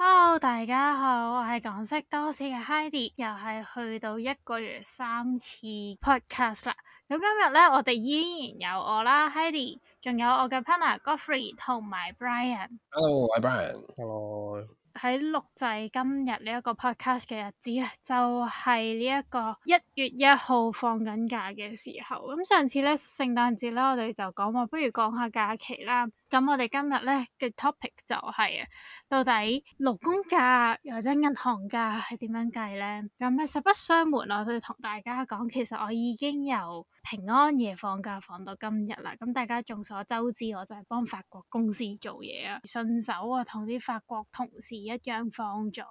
Hello，大家好，我係港識多史嘅 Haidee，又係去到一個月三次 podcast 啦。咁今日咧，我哋依然有我啦，Haidee，仲有我嘅 partner Godfrey 同埋 Brian。Hello，我係 Brian。Hello。喺錄製今日呢一個 podcast 嘅日子啊，就係呢一個一月一號放緊假嘅時候。咁上次咧，聖誕節咧，我哋就講話，不如講下假期啦。咁我哋今日咧嘅 topic 就係啊，到底勞工假或者銀行假係點樣計咧？咁實不相瞞啦，我要同大家講，其實我已經由平安夜放假放到今日啦。咁大家眾所周知，我就係幫法國公司做嘢啊，順手啊，同啲法國同事一樣放咗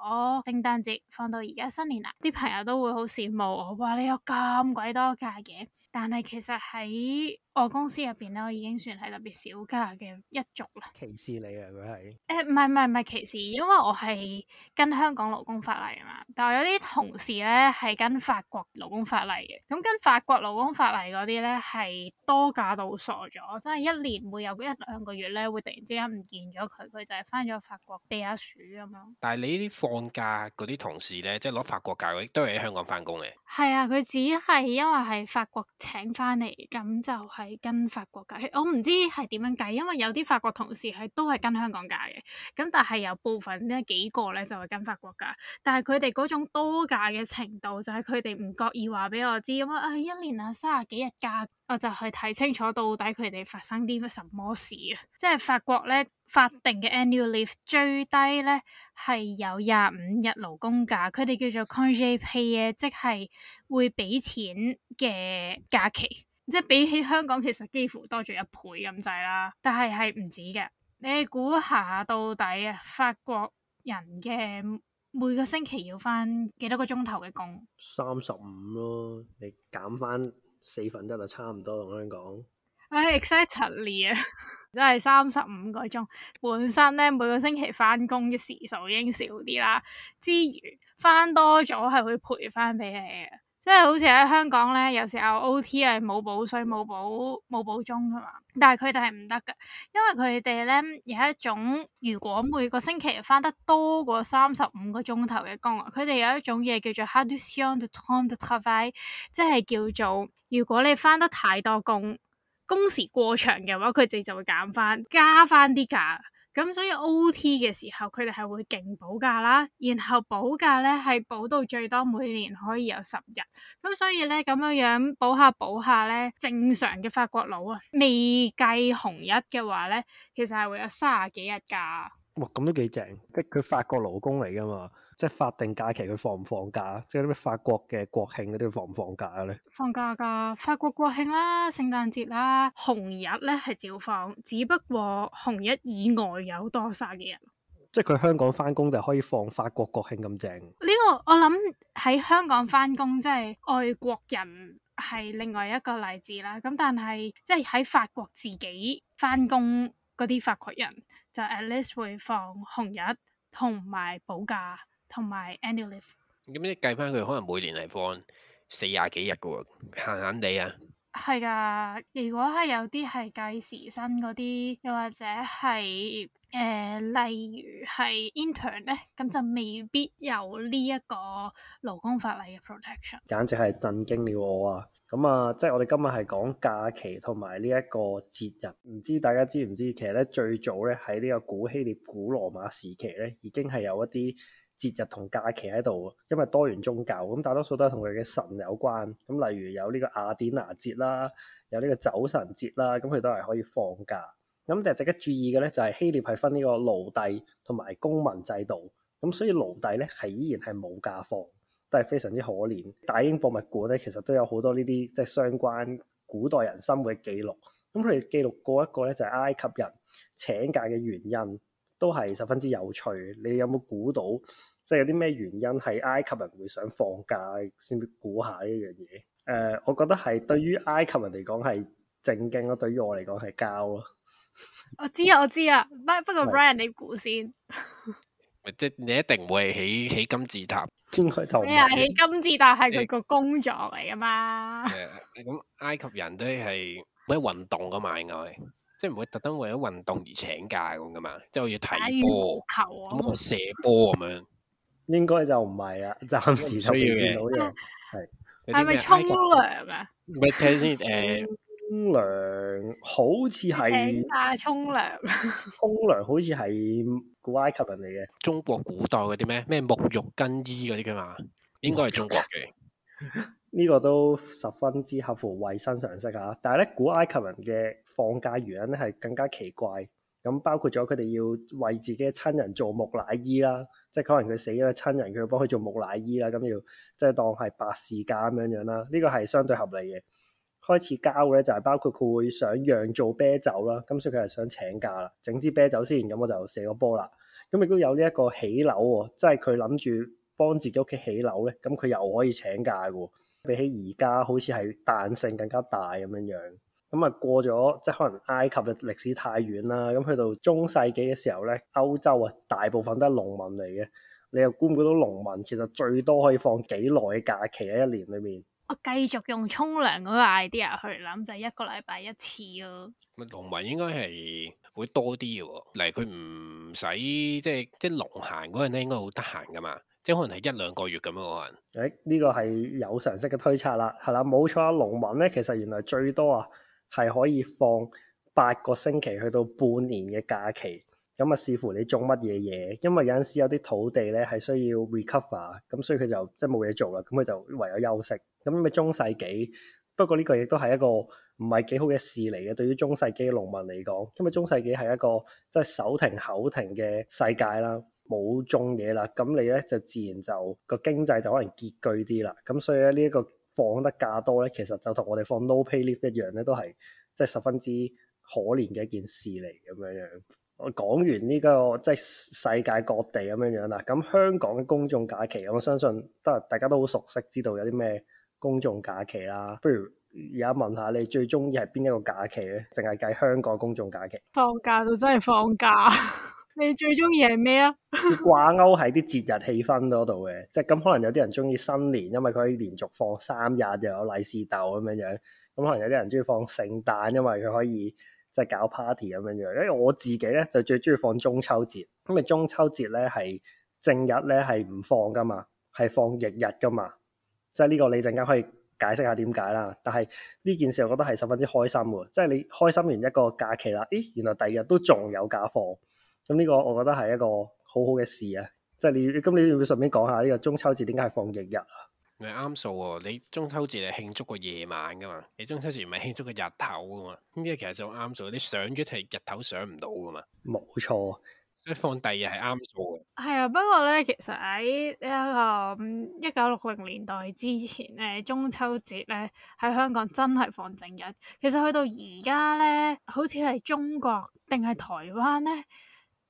聖誕節，放到而家新年啦！啲朋友都會好羨慕我，哇！你有咁鬼多假嘅～但係其實喺我公司入邊咧，我已經算係特別少假嘅一族啦。歧視你啊，佢係、欸？誒，唔係唔係唔係歧視，因為我係跟香港勞工法例啊嘛。但係有啲同事咧係跟法國勞工法例嘅，咁跟法國勞工法例嗰啲咧係多假到傻咗，真係一年會有一兩個月咧會突然之間唔見咗佢，佢就係翻咗法國避下暑咁樣。但係你呢啲放假嗰啲同事咧，即係攞法國假嘅，都係喺香港翻工嘅。係啊，佢只係因為係法國。請翻嚟，咁就係跟法國假，我唔知係點樣計，因為有啲法國同事係都係跟香港假嘅，咁但係有部分咧幾個咧就係、是、跟法國假，但係佢哋嗰種多假嘅程度就係佢哋唔覺意話俾我知，咁啊，一年啊三十幾日假。我就去睇清楚到底佢哋發生啲乜什麼事啊！即係法國咧法定嘅 annual leave 最低咧係有廿五日勞工假，佢哋叫做 congés payés 即係會畀錢嘅假期。即係比起香港，其實幾乎多咗一倍咁滯啦。但係係唔止嘅，你估下到底啊？法國人嘅每個星期要返幾多個鐘頭嘅工？三十五咯，你減返。四分質就差唔多同香港，唉 exactly 啊，exactly. 真係三十五個鐘。本身咧每個星期翻工嘅時數已經少啲啦，之餘翻多咗係會賠翻俾你嘅。即係好似喺香港咧，有時候 OT 係冇補水、冇補、冇補鐘㗎嘛，但係佢哋係唔得嘅，因為佢哋咧有一種，如果每個星期返得多過三十五個鐘頭嘅工，佢哋有一種嘢叫做 réduction du temps de travail，即係叫做如果你返得太多工，工時過長嘅話，佢哋就會減返，加返啲假。咁所以 O.T. 嘅時候，佢哋係會勁補假啦，然後補假咧係補到最多每年可以有十日。咁所以咧咁樣樣補下補下咧，正常嘅法國佬啊，未計紅日嘅話咧，其實係會有三十幾日假。哇！咁都幾正，即係佢法國勞工嚟㗎嘛。即係法定假期，佢放唔放假？即係啲咩法國嘅國慶嗰啲放唔放假咧？放假㗎，法國國慶啦、聖誕節啦、紅日咧係照放，只不過紅日以外有多晒嘅人。即係佢香港翻工就可以放法國國慶咁正。呢個我諗喺香港翻工，即係外國人係另外一個例子啦。咁但係即係喺法國自己翻工嗰啲法國人就 at least 會放紅日同埋補假。同埋 annual leave 咁你計翻佢，可能每年係放四廿幾日噶喎，閒閒地啊。係噶，如果係有啲係計時薪嗰啲，又或者係誒、呃，例如係 intern 咧，咁就未必有呢一個勞工法例嘅 protection。簡直係震驚了我啊！咁啊，即係我哋今日係講假期同埋呢一個節日，唔知大家知唔知其實咧最早咧喺呢個古希臘、古羅馬時期咧，已經係有一啲。節日同假期喺度，因為多元宗教，咁大多數都係同佢嘅神有關。咁例如有呢個雅典娜節啦，有呢個酒神節啦，咁佢都係可以放假。咁但係值得注意嘅咧，就係希臘係分呢個奴隸同埋公民制度，咁所以奴隸咧係依然係冇假放，都係非常之可憐。大英博物館咧，其實都有好多呢啲即係相關古代人生活嘅記錄。咁佢哋記錄過一個咧，就係埃及人請假嘅原因。都係十分之有趣。你有冇估到即係有啲咩原因係埃及人會想放假？先估下呢樣嘢。誒、呃，我覺得係對於埃及人嚟講係正經咯，對於我嚟講係膠咯。我知啊，我知啊，不不過 Brian 你估先。即係你一定唔會起起金字塔，先去偷。起金字塔係佢個工作嚟噶嘛？誒咁，埃及人都係咩運動噶？應該？即係唔會特登為咗運動而請假咁噶嘛？即係我要睇波，咁我、啊嗯、射波咁樣。應該就唔係啊，暫時都未見到嘢。係係咪沖涼啊？唔係聽先，誒，沖涼、啊、好似係請假沖涼，沖 涼好似係古埃及人嚟嘅。中國古代嗰啲咩咩沐浴更衣嗰啲噶嘛？應該係中國嘅。 呢個都十分之合乎衛生常識吓、啊，但係咧古埃及人嘅放假原因咧係更加奇怪。咁包括咗佢哋要為自己嘅親人做木乃伊啦，即係可能佢死咗個親人，佢要幫佢做木乃伊啦，咁要即係當係白事假咁樣咁樣啦。呢、呢個係相對合理嘅。開始交咧就係包括佢會想釀做啤酒啦，咁所以佢係想請假啦，整支啤酒先，咁我就射個波啦。咁亦都有呢一個起樓、哦，即係佢諗住幫自己屋企起樓咧，咁佢又可以請假嘅。比起而家好似係彈性更加大咁樣樣，咁啊，過咗即係可能埃及嘅歷史太遠啦，咁去到中世紀嘅時候咧，歐洲啊，大部分都係農民嚟嘅，你又估唔估到農民其實最多可以放幾耐嘅假期喺一年裏面？我繼續用沖涼嗰個 idea 去諗，就係、是、一個禮拜一次咯、啊。農民應該係會多啲嘅喎，嚟佢唔使即係即係農閒嗰陣咧，應該好得閒噶嘛。即可能係一兩個月咁樣，我係。誒，呢個係有常識嘅推測啦，係啦，冇錯啊。農民咧，其實原來最多啊，係可以放八個星期去到半年嘅假期。咁啊，視乎你種乜嘢嘢，因為有陣時有啲土地咧係需要 recover，咁所以佢就即係冇嘢做啦，咁佢就唯有休息。咁咪中世紀，不過呢個亦都係一個唔係幾好嘅事嚟嘅。對於中世紀嘅農民嚟講，咁啊，中世紀係一個即係手停口停嘅世界啦。冇中嘢啦，咁你咧就自然就個經濟就可能拮據啲啦。咁所以咧呢一個放得假多咧，其實就同我哋放 no pay leave 一樣咧，都係即係十分之可憐嘅一件事嚟咁樣樣。我講完呢個即係世界各地咁樣樣啦。咁香港嘅公眾假期，我相信都大家都好熟悉，知道有啲咩公眾假期啦。不如而家問下你最中意係邊一個假期咧？淨係計香港公眾假期放假就真係放假。 你最中意係咩啊？掛勾喺啲節日氣氛嗰度嘅，即係咁可能有啲人中意新年，因為佢可以連續放三日又有利是逗咁樣樣。咁可能有啲人中意放聖誕，因為佢可以即係、就是、搞 party 咁樣樣。因為我自己咧就最中意放中秋節，因為中秋節咧係正日咧係唔放噶嘛，係放翌日噶嘛。即係呢個你陣間可以解釋下點解啦。但係呢件事我覺得係十分之開心嘅，即係你開心完一個假期啦，咦，原來第二日都仲有假放。咁呢個我覺得係一個好好嘅事啊！即係你，咁你要唔要順便講下呢個中秋節點解係放正日啊？係啱數喎。你中秋節係慶祝個夜晚噶嘛？你中秋節唔係慶祝個日頭噶嘛？咁呢，其實就啱數。你上咗係日頭上唔到噶嘛？冇錯，所以放第二日係啱數嘅。係啊，不過咧，其實喺呢一個一九六零年代之前，誒，中秋節咧喺香港真係放正日。其實去到而家咧，好似係中國定係台灣咧。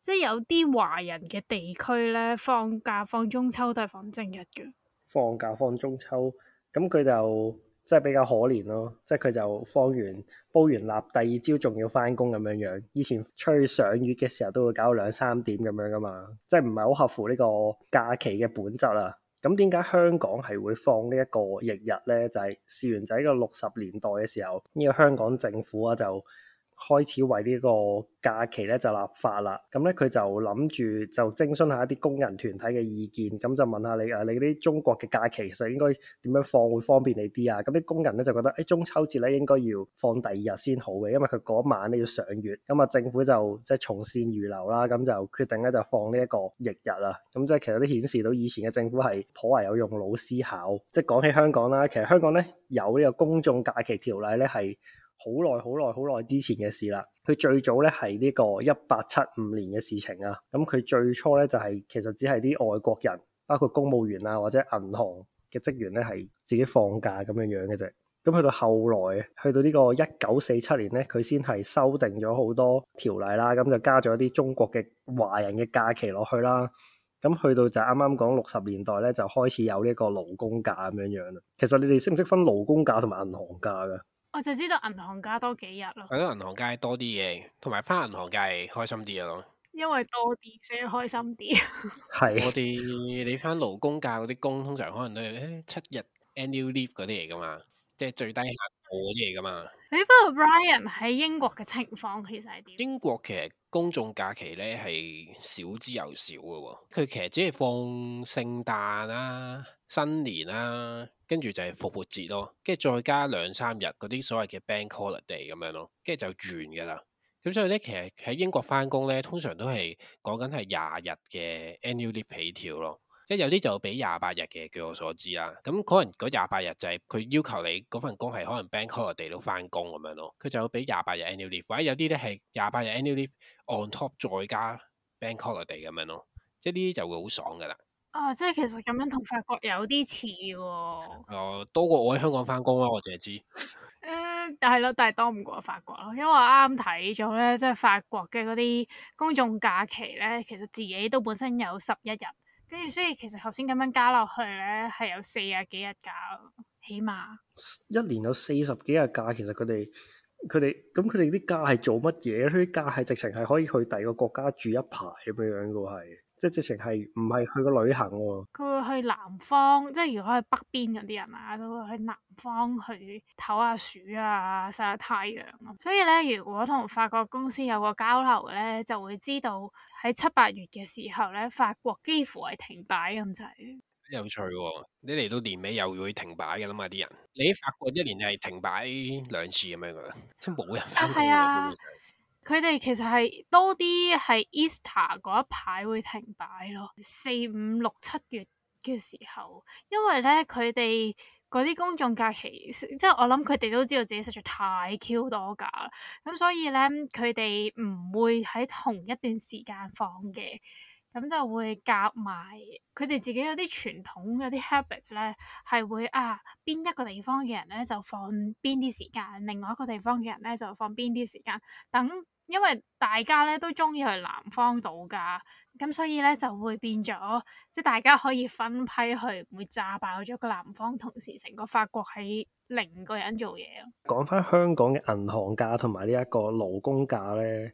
即係有啲華人嘅地區咧，放假放中秋都係放正日嘅。放假放中秋，咁佢就即係比較可憐咯。即係佢就放完煲完蠟，第二朝仲要翻工咁樣樣。以前出去上月嘅時候，都會搞到兩三點咁樣噶嘛。即係唔係好合乎呢個假期嘅本質啊？咁點解香港係會放日日呢一個翌日咧？就係事緣仔嘅六十年代嘅時候，呢個香港政府啊就。開始為呢個假期咧就立法啦，咁咧佢就諗住就徵詢一下一啲工人團體嘅意見，咁就問下你啊，你啲中國嘅假期其實應該點樣放會方便你啲啊？咁啲工人咧就覺得，誒、哎、中秋節咧應該要放第二日先好嘅，因為佢嗰晚咧要賞月，咁啊政府就即係從善如流啦，咁、就是、就決定咧就放呢一個翌日啊，咁即係其實都顯示到以前嘅政府係頗為有用腦思考，即係講起香港啦，其實香港咧有呢個公眾假期條例咧係，好耐好耐好耐之前嘅事啦，佢最早咧係呢個一八七五年嘅事情啊，咁、嗯、佢最初咧就係、是、其實只係啲外國人，包括公務員啊或者銀行嘅職員咧係自己放假咁樣樣嘅啫。咁、嗯、去到後來，去到個呢個一九四七年咧，佢先係修訂咗好多條例啦，咁、嗯、就加咗一啲中國嘅華人嘅假期落去啦。咁、嗯、去到就啱啱講六十年代咧，就開始有呢個勞工假咁樣樣啦。其實你哋識唔識分勞工假同埋銀行假噶？我就知道銀行假多幾日咯，係咯，銀行假多啲嘢，同埋翻銀行假係開心啲嘅咯。因為多啲所以開心啲。係 我哋你翻勞工假嗰啲工，通常可能都係七日 annual leave 嗰啲嚟噶嘛，即係最低限度嗰啲嚟噶嘛。你不過 Brian 喺英國嘅情況其實係點？英國其實公眾假期咧係少之又少嘅喎，佢其實只係放聖誕啊、新年啊。跟住就係復活節咯，跟住再加兩三日嗰啲所謂嘅 Bank Holiday 咁樣咯，跟住就完㗎啦。咁所以咧，其實喺英國翻工咧，通常都係講緊係廿日嘅 Annual Leave 起跳咯。即係有啲就俾廿八日嘅，據我所知啦。咁可能嗰廿八日就係佢要求你嗰份工係可能 Bank Holiday 都翻工咁樣咯。佢就會俾廿八日 Annual Leave，或者有啲咧係廿八日 Annual Leave on top 再加 Bank Holiday 咁樣咯。即係呢啲就會好爽㗎啦。啊、哦，即係其實咁樣同法國有啲似喎。哦，多過我喺香港翻工啦，我淨係知。誒、嗯，但係咯，但係多唔過法國咯，因為我啱啱睇咗咧，即係法國嘅嗰啲公眾假期咧，其實自己都本身有十一日，跟住所以其實頭先咁樣加落去咧，係有四十幾日假，起碼。一年有四十幾日假，其實佢哋佢哋咁佢哋啲假係做乜嘢？佢啲假係直情係可以去第二個國家住一排咁樣樣噶係。即係直情係唔係去個旅行喎、啊，佢會去南方，即係如果係北邊嗰啲人啊，都會去南方去唞下暑啊，晒下太陽咯。所以咧，如果同法國公司有個交流咧，就會知道喺七八月嘅時候咧，法國幾乎係停擺咁滯。有趣喎，你嚟到年尾又會停擺嘅啦嘛，啲人你喺法國一年係停擺兩次咁樣噶啦，即係冇人翻到 佢哋其實係多啲係 Easter 嗰一排、e、會停擺咯，四五六七月嘅時候，因為咧佢哋嗰啲公眾假期，即係我諗佢哋都知道自己實在太 Q 多假啦，咁所以咧佢哋唔會喺同一段時間放嘅，咁就會夾埋佢哋自己有啲傳統嗰啲 habit 咧，係會啊邊一個地方嘅人咧就放邊啲時間，另外一個地方嘅人咧就放邊啲時間，等。因為大家咧都中意去南方度假，咁所以咧就會變咗，即係大家可以分批去，唔會炸爆咗個南方，同時成個法國喺零個人做嘢咯。講翻香港嘅銀行價同埋呢一個勞工價咧，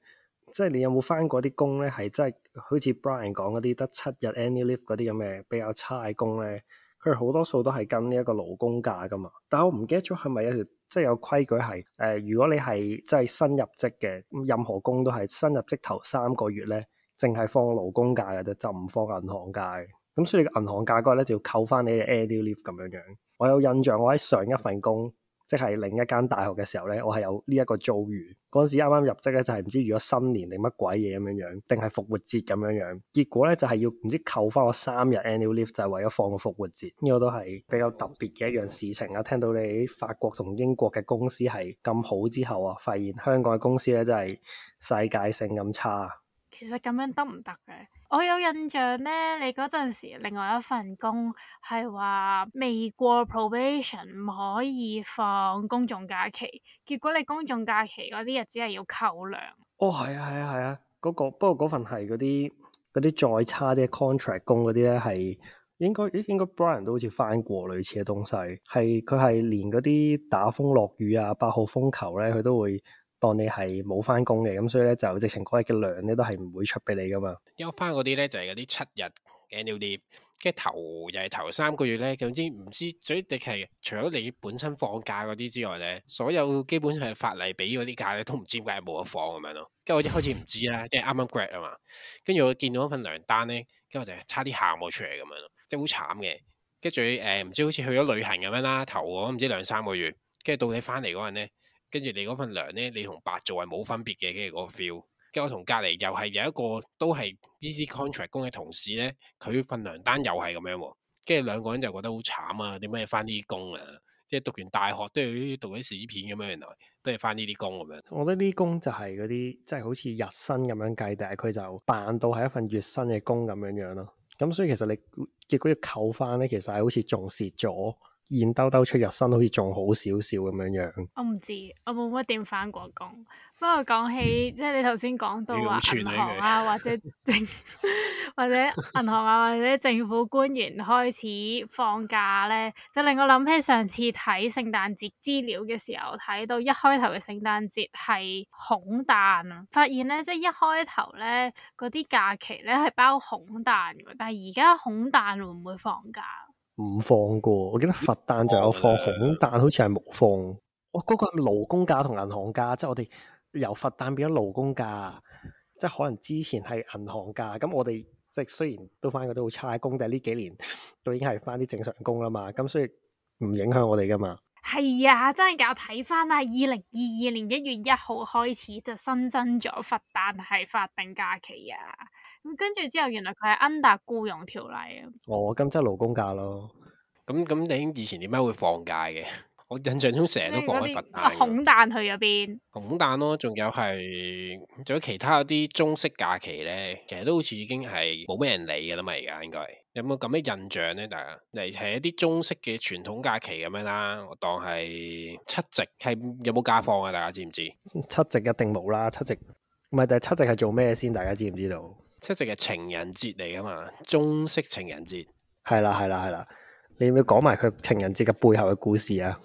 即係你有冇翻過啲工咧？係真係好似 Brian 講嗰啲得七日 any leave 嗰啲咁嘅比較差嘅工咧，佢哋好多數都係跟呢一個勞工價噶嘛。但係我唔記得咗係咪一條。即係有規矩係，誒、呃，如果你係即係新入職嘅，任何工都係新入職頭三個月咧，淨係放勞工假嘅啫，就唔放銀行假嘅。咁所以個銀行假嗰咧就要扣翻你嘅 annual leave 咁樣樣。我有印象，我喺上一份工，即係另一間大學嘅時候咧，我係有呢一個遭遇。嗰陣時啱啱入職咧，就係唔知遇咗新年定乜鬼嘢咁樣樣，定係復活節咁樣樣。結果咧就係要唔知扣翻我三日 annual leave，就係為咗放個復活節。呢個都係比較特別嘅一樣事情啊！我聽到你法國同英國嘅公司係咁好之後啊，發現香港嘅公司咧真係世界性咁差。其實咁樣得唔得嘅？我有印象咧，你嗰陣時另外一份工係話未過 probation 唔可以放公眾假期，結果你公眾假期嗰啲日子係要扣糧。哦，係啊，係啊，係啊，嗰、啊嗰個、不過嗰份係嗰啲啲再差啲 contract 工嗰啲咧，係應該誒應該 Brian 都好似返過類似嘅東西，係佢係連嗰啲打風落雨啊八號風球咧，佢都會，當你係冇翻工嘅，咁所以咧就直情嗰日嘅糧咧都係唔會出俾你噶嘛。因為翻嗰啲咧就係嗰啲七日嘅 n n 跟住 l l e a 頭就係、是、頭三個月咧，總之唔知最特別係除咗你本身放假嗰啲之外咧，所有基本係法例俾嗰啲假咧都唔知點解冇得放咁樣咯。跟住我一開始唔知啦，即係啱啱 grad 啊嘛。跟住我見到嗰份糧單咧，跟住我就差啲喊冇出嚟咁樣咯，即係好慘嘅。跟住誒唔知好似去咗旅行咁樣啦，頭我唔知，知兩三個月，跟住到你翻嚟嗰陣咧。跟住你嗰份糧咧，你同白做係冇分別嘅，跟住嗰個 feel。跟住我同隔離又係有一個都係呢啲 contract 工嘅同事咧，佢份糧單又係咁樣喎。跟住兩個人就覺得好慘啊！點解要翻呢啲工啊？即係讀完大學都要讀啲屎片咁樣，原來都係翻呢啲工咁樣。我覺得呢啲工就係嗰啲即係好似日薪咁樣計，但係佢就扮到係一份月薪嘅工咁樣樣咯。咁所以其實你結果要扣翻咧，其實係好似重蝕咗。現兜兜出入身，好似仲好少少咁樣樣。我唔知，我冇乜點返過工。不過講起，嗯、即係你頭先講到話銀行啊，或者政 或者銀行啊，或者政府官員開始放假咧，就令我諗起上次睇聖誕節資料嘅時候，睇到一開頭嘅聖誕節係孔誕，發現咧即係一開頭咧嗰啲假期咧係包孔誕嘅，但係而家孔誕會唔會放假？唔放過，我記得佛誕就有放紅蛋，好似係冇放。我、哦、嗰、那個勞工假同銀行假，即係我哋由佛誕變咗勞工假，即係可能之前係銀行假。咁我哋即係雖然都翻過都好差工但呢幾年，都已經係翻啲正常工啦嘛。咁所以唔影響我哋噶嘛。係啊，真係㗎，我睇翻啊！二零二二年一月一號開始就新增咗佛誕係法定假期啊！跟住之後，原來佢係《under 僱傭條例》啊！我今則勞工假咯。咁咁點？你以前點解會放假嘅？ 我印象中成日都放喺佛誕。孔誕去咗邊？孔誕咯，仲有係仲有其他啲中式假期咧，其實都好似已經係冇咩人理噶啦嘛。而家應該有冇咁嘅印象咧？大家嚟睇一啲中式嘅傳統假期咁樣啦。我當係七夕係有冇假放啊？大家知唔知？七夕一定冇啦。七夕唔係，但係七夕係做咩先？大家知唔知道？七夕係情人節嚟噶嘛？中式情人節。係啦，係啦，係啦。你要唔要講埋佢情人節嘅背後嘅故事啊？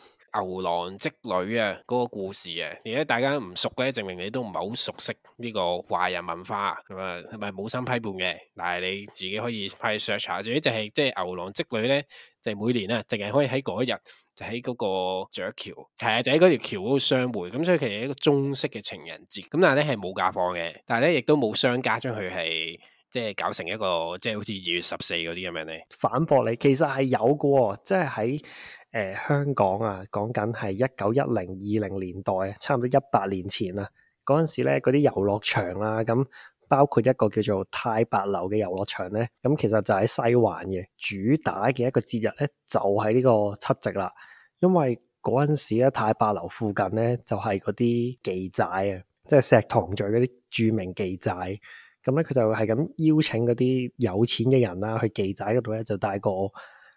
牛郎織女啊，嗰、那個故事啊，而家大家唔熟嘅，證明你都唔係好熟悉呢個華人文化，咁啊，係咪冇心批判嘅？但係你自己可以去 search 下，總之就係即係牛郎織女咧，就是、每年啊，淨係可以喺嗰一日，就喺、是、嗰個鵲橋，係啊，就喺嗰條橋嗰度相會，咁所以其實一個中式嘅情人節，咁但係咧係冇假放嘅，但係咧亦都冇商家將佢係即係搞成一個即係、就是、好似二月十四嗰啲咁樣咧。反駁你，其實係有嘅，即係喺。誒、呃，香港啊，講緊係一九一零二零年代，差唔多一百年前啊。嗰陣時咧，嗰啲遊樂場啦，咁包括一個叫做太白樓嘅遊樂場咧，咁其實就喺西環嘅主打嘅一個節日咧，就係、是、呢個七夕啦。因為嗰陣時咧，太白樓附近咧就係嗰啲妓寨啊，即係石塘咀嗰啲著名妓寨。咁咧，佢就係咁邀請嗰啲有錢嘅人啦、啊，去妓寨嗰度咧就帶個。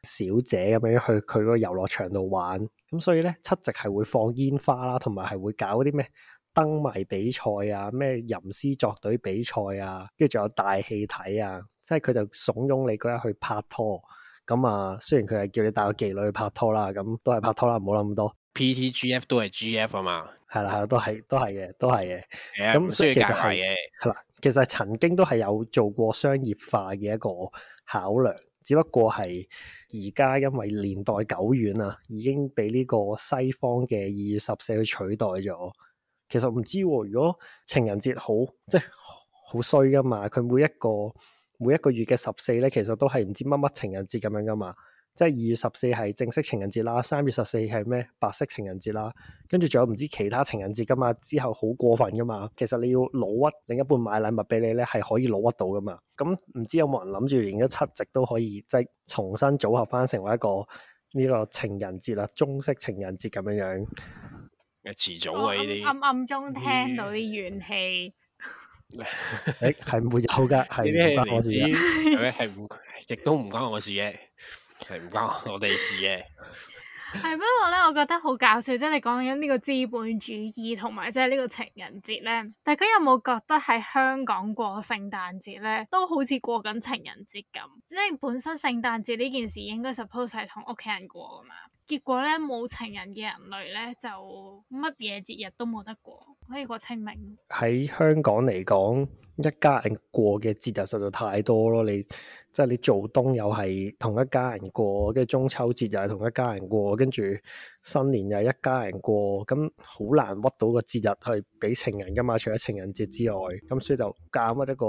小姐咁樣去佢個遊樂場度玩，咁所以咧，七夕係會放煙花啦，同埋係會搞啲咩燈謎比賽啊，咩吟詩作對比賽啊，跟住仲有大戲睇，啊，即係佢就慫恿你嗰日去拍拖。咁啊，雖然佢係叫你帶個妓女去拍拖啦，咁都係拍拖啦，唔好諗咁多。P T G F 都係 G F 啊嘛，係啦係啦，都係都係嘅，都係嘅。咁所以 Yeah, 那其架台嘅係啦，其實曾經都係有做過商業化嘅一個考量。只不過係而家因為年代久遠啊，已經俾呢個西方嘅二月十四去取代咗。其實唔知啊，如果情人節好，即係好衰噶嘛，佢每一個每一個月嘅十四咧，其實都係唔知乜乜情人節咁樣噶嘛。即係二月十四係正式情人節啦，三月十四係咩白色情人節啦，跟住仲有唔知其他情人節噶嘛？之後好過分噶嘛？其實你要老屈另一半買禮物俾你咧，係可以老屈到噶嘛？咁、嗯、唔知有冇人諗住連咗七夕都可以即係重新組合翻成為一個呢、呢個情人節啦，中式情人節咁樣樣？誒，遲早啊呢啲暗暗中聽到啲怨氣，誒係唔會有噶？係唔關我事，係唔亦都唔關我事嘅。係唔關我哋事嘅 係不過咧，我覺得好搞笑，即係你講緊呢個資本主義同埋即係呢個情人節咧。大家有冇覺得喺香港過聖誕節咧，都好似過緊情人節咁？即係本身聖誕節呢件事應該 suppose 係同屋企人過噶嘛？結果咧，冇情人嘅人類咧，就乜嘢節日都冇得過，可以過清明。喺香港嚟講，一家人過嘅節日實在太多咯，你。即係你做冬又係同一家人過，跟住中秋節又係同一家人過，跟住新年又係一家人過，咁好難屈到個節日去俾情人噶嘛？除咗情人節之外，咁所以就夾乜一個